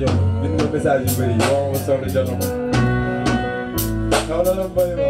message am bind nga message yu bëri yow ma sonn jono ko xaw na la bëri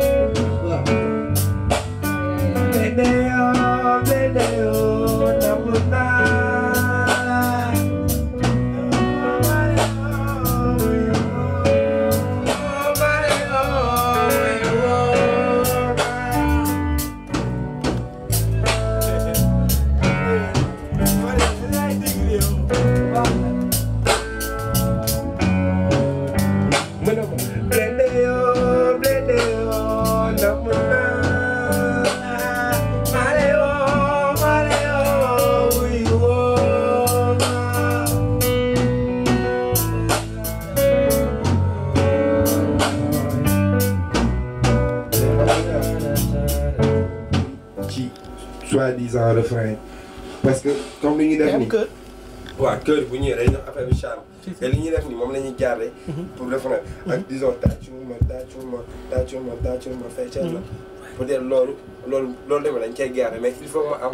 sans refrain parce que comme li ñuy def ni waaw kër bu ñëwee day jox affaire bi charme te li ñuy def ni moom la ñuy garder mhm. pour refrain mhm. ak disons tàccul ma tàccul ma tàccul ma tàccul ma feccal ma mhm. peut-être loolu loolu loolu demee dañ koy garder mais il faut ma am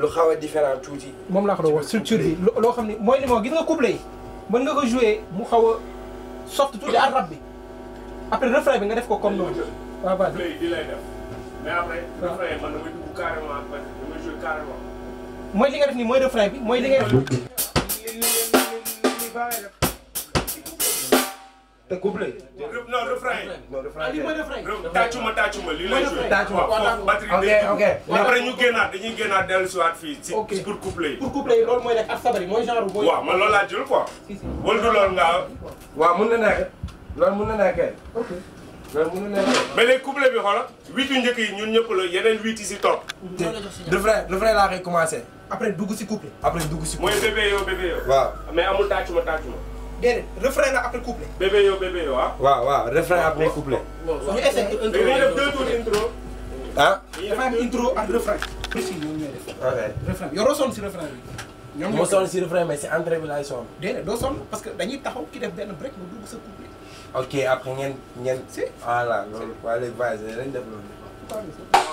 lu xaw a différent tuuti moom laa ko doon wax structure bi loo xam ne mooy li moo gis nga couplet yi mën nga ko jouer mu xaw a soft tuuti arab bi après refrain bi nga def ko comme noonu waaw waaw mais après refrain man damay dugg carrément ak man damay jouer carrément. mooy li nga def nii mooy refrain bi mooy li nga def. te couplet. non refrain yi. non refrain yi ah, tàccuma tàccuma lii lay joué. waaw batterie ok ok. après ñu génnaat dañuy génnaat dellusiwaat fii. ci pour couplet yi. pour couplet yi loolu mooy nekk ak sabar yi mooy genre. waaw man loolu laa jël quoi. wala du loolu nga. waaw mun na nekk loolu mun na nekkee. ok. mais léegi couplet bi xoolal huit yu njëkk yi ñun ñëpp la yeneen huit yi si topp. de vrai laa koy commencé. après dugg si couplet. après dugg si couplet mooy bébé yow bébé yow. waaw mais amul tàccuma tàccuma. déedéet refrain la après couplet. bébé yow bébé yow ah. waaw waaw refrain après couplet. ñu essayé si refrain bi. si refrain mais si entrée doo sonn parce que dañuy taxaw ki def benn break mu dugg sa couplet. ok après ngeen ngeen. si voilà loolu waa léegi voyage lañ def loolu.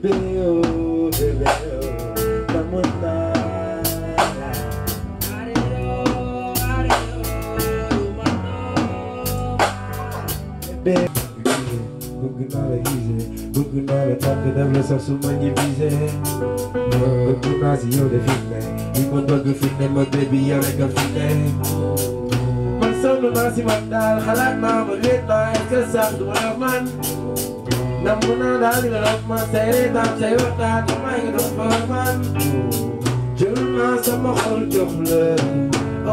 Bébé, oh, bébé, oh, la montagne. Bébé, bëgg naa la gisee, bëgg naa la tàgg def la sax su ma ñibbisee. Bëgg naa si yow de fi ne, li ma bëgg fi ne ma bébé yow rek a fi ne. Man sonn naa si man daal, xalaat naa ma réet naa, est-ce que sax du ma man. namm naa daal di la raf ma say reetaan say waxtaan te may dox sama xol jox la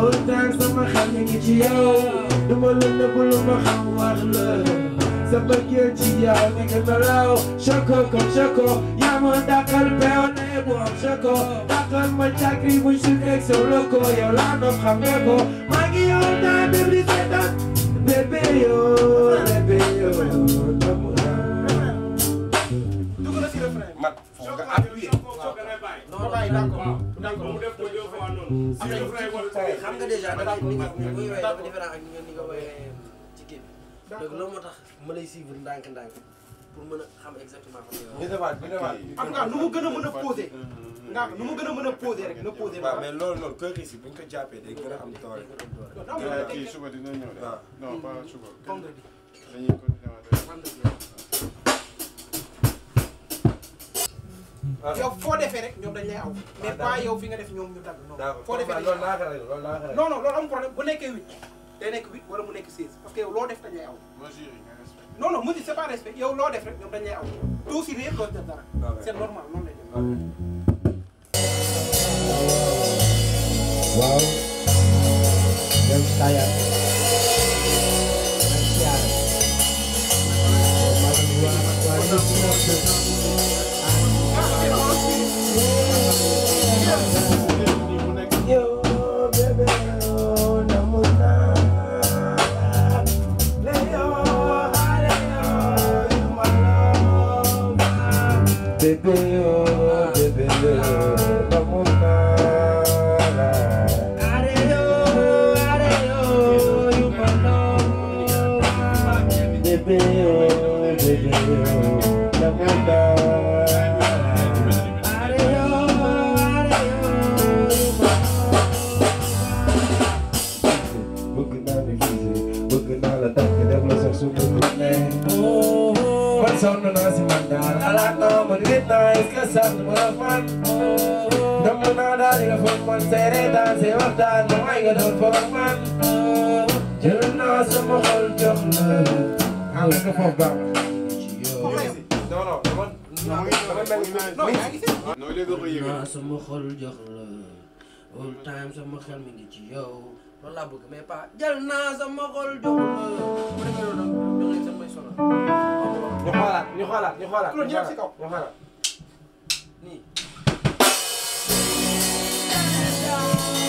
all time sama xel ngi ci yow du ma la nëbbu ma xam wax la sa bëggee ci yow nekk nalaw ko choko yaa ma dàqal peew ne bu am choko dàqal ma càkri si nekk sa loko laa nopp xam nga ko maa ngi yow daa def appuyé. non bàyyi d'accord nga déjà dafa ni nga ni nga woyee ci tax ma lay suivre ndànk pour mën a xam exactement. nga nu gën a mën a nga nu mu gën a mën a posé rek na posé. waaw ko jàppee day gën a am doole. non kii suba dina ñëw de. Ah. yow foo defee rek ñoom dañ lay aw. Ah, mais pas yow fi nga def ñoom ñu tàgg. non foo defee loolu laa xaral loolu laa xaral non non loolu am problème bu nekkee huit def dañ lay aw. mesure yi nga yow loo def rek ñoom dañ lay aw. tout si réer bébé oh. sant bu rafet. ndam naa daal di nga foog man seereetaan si waxtaan moom ay nga doon foog man. jël naa sama xol jox la. ah la nga foog baax. non non dama dama mel ni ma. non léegi nga ko yëgee. naa sama xol jox la. all time sama xel mi ngi ci yow. loolu laa bëgg mais pas jël naa sama xol jox la. ñu xoolaat ñu xoolaat ñu xoolaat ñu xoolaat ñu xoolaat. Thank you.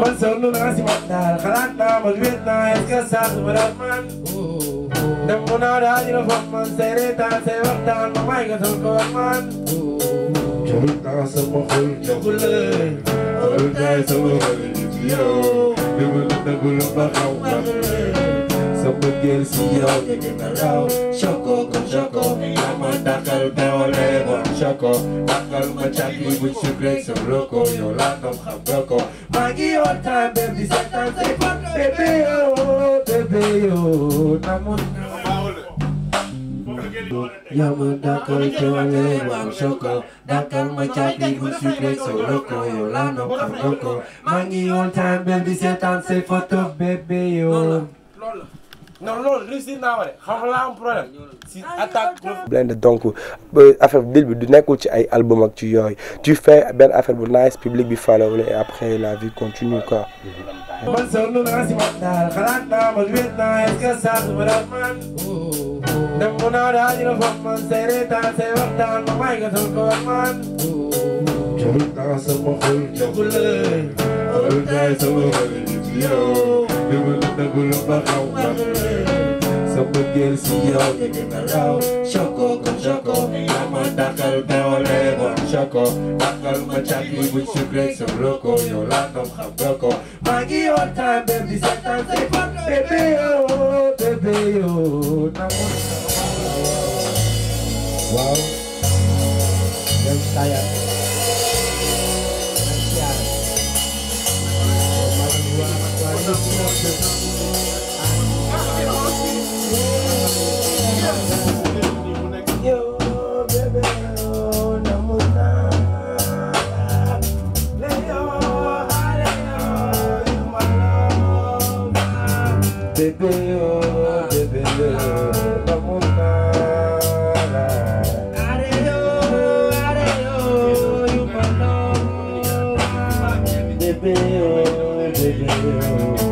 man sonn naa si man daal xalaat naa man wéet naa est-ce que saa su ma daan man dem mu naa daal dina foog man say reetaan say waxtaan ma may nga sol ko man jël naa sama xol jagulay xol naa sama xol yow dama la dagul ba xaw ma sa bëggeel si yow dina raw choco Choco yaa ma dàqal beewale bon Choco dàqal ma càkki buñ sucré sur le ko yow laa xam xam nga ko maa ngi di seetaan say fan bébé yoo bébé yoo ma ngi on time di seetaan say photo bébé yoo non loolu réussir naa ko de xam am problème si attaque. Blindé donc affaire deal bi du nekkul ci ay album ak ci yooyu tu fais benn affaire bu nice public bi follow la après la vie continue quoi. man sonn naa si man ma may nga ko man. nagu lu ma xaw ma sa bëggeel si yow mi ngi ma raw Choco comme Choco yaa ma dàqal dawale ma Choco dàqal ma càkki bu sucré sa loco yow laa xam xam nga ko maa ngi on time bi seetaan say you.